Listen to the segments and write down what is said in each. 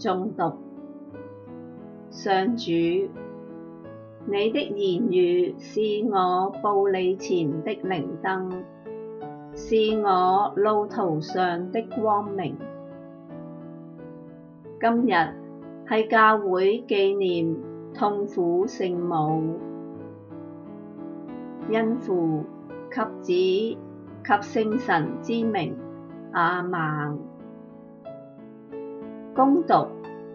誦讀，上主，你的言語是我步履前的明燈，是我路途上的光明。今日係教會紀念痛苦聖母，因父及子及聖神之名，阿孟。恭讀《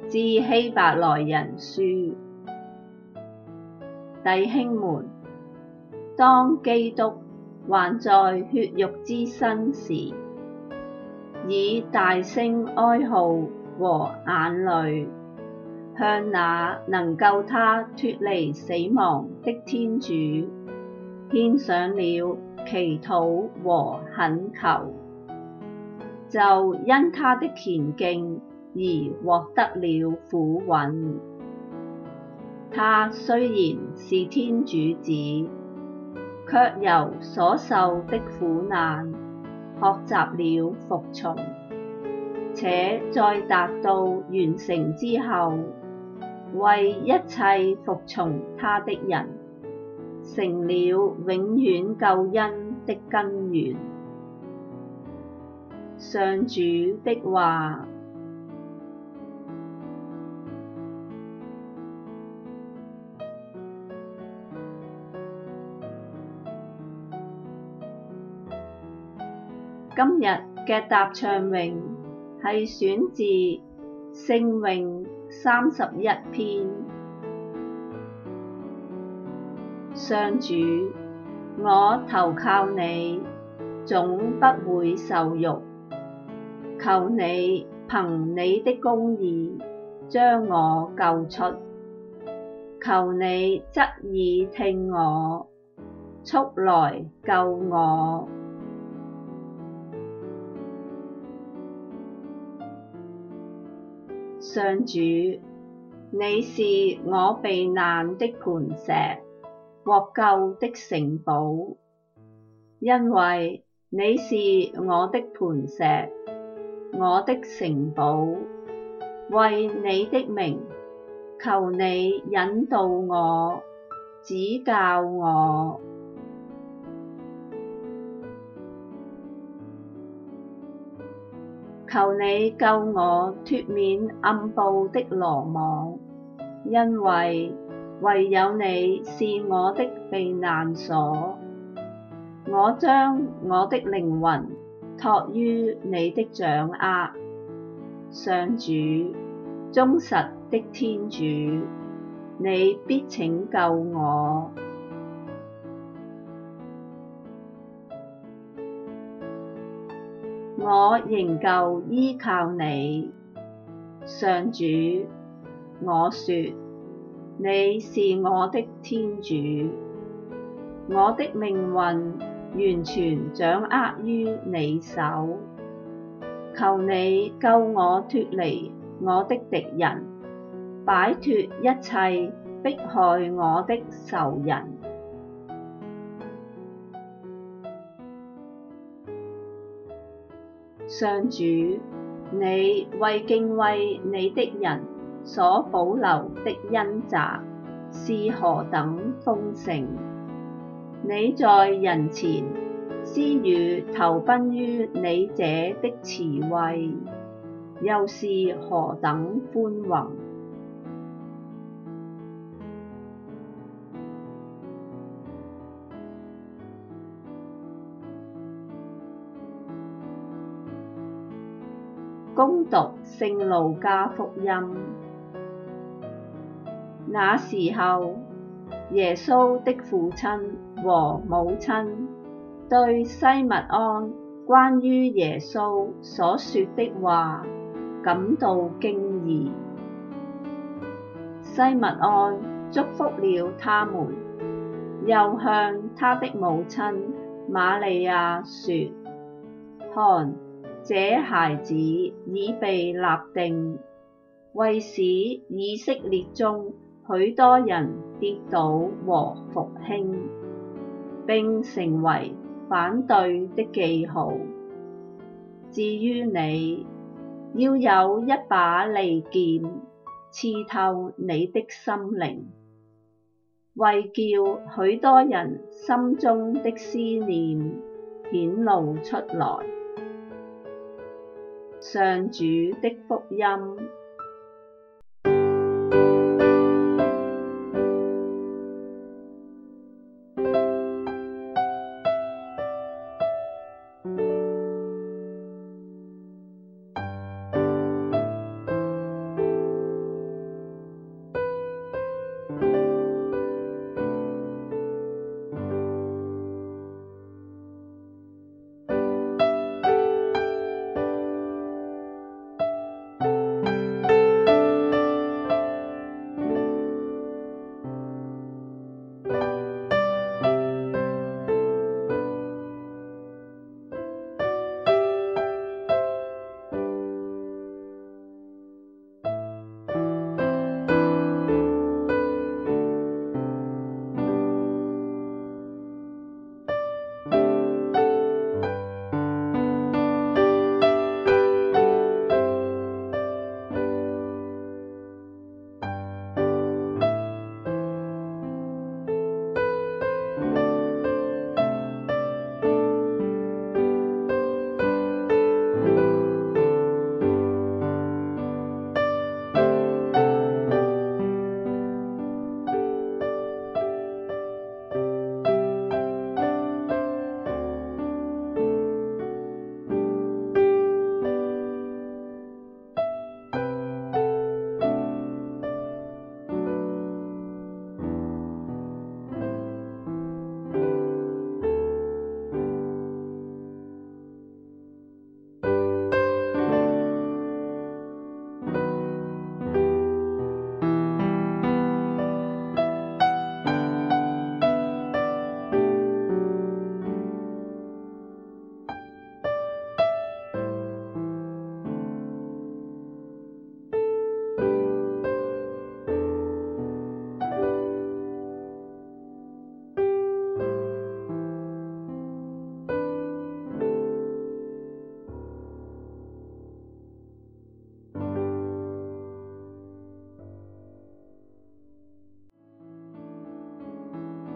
致希伯來人書》，弟兄們，當基督還在血肉之身時，以大聲哀號和眼淚，向那能救他脫離死亡的天主，獻上了祈禱和懇求，就因他的虔敬，而獲得了俯允。他雖然是天主子，卻由所受的苦難，學習了服從，且在達到完成之後，為一切服從他的人，成了永遠救恩的根源。上主的話。今日嘅答唱詠係選自聖詠三十一篇。上主，我投靠你，總不會受辱。求你憑你的公義將我救出，求你側耳聽我，速來救我。上主，你是我避難的磐石，獲救的城堡。因為你是我的磐石，我的城堡。為你的名，求你引導我，指教我。求你救我脫免暗佈的羅網，因為唯有你是我的避難所。我將我的靈魂託於你的掌握，上主，忠實的天主，你必拯救我。我仍舊依靠你，上主。我說，你是我的天主，我的命運完全掌握於你手。求你救我脫離我的敵人，擺脫一切迫害我的仇人。上主，你為敬畏你的人所保留的恩澤，是何等豐盛！你在人前施予投奔於你者的慈惠，又是何等寬宏。恭讀《聖路加福音》。那時候，耶穌的父親和母親對西默盎關於耶穌所說的話感到驚異。西默盎祝福了他們，又向他的母親瑪利亞說：看。這孩子已被立定，為使以色列中許多人跌倒和復興，並成為反對的記號。至於你，要有一把利劍刺透你的心靈，為叫許多人心中的思念顯露出來。上主的福音。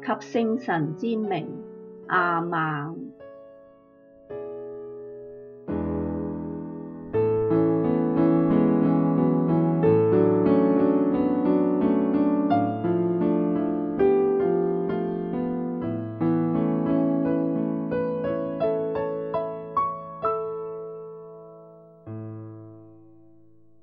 及聖神之名，阿孟。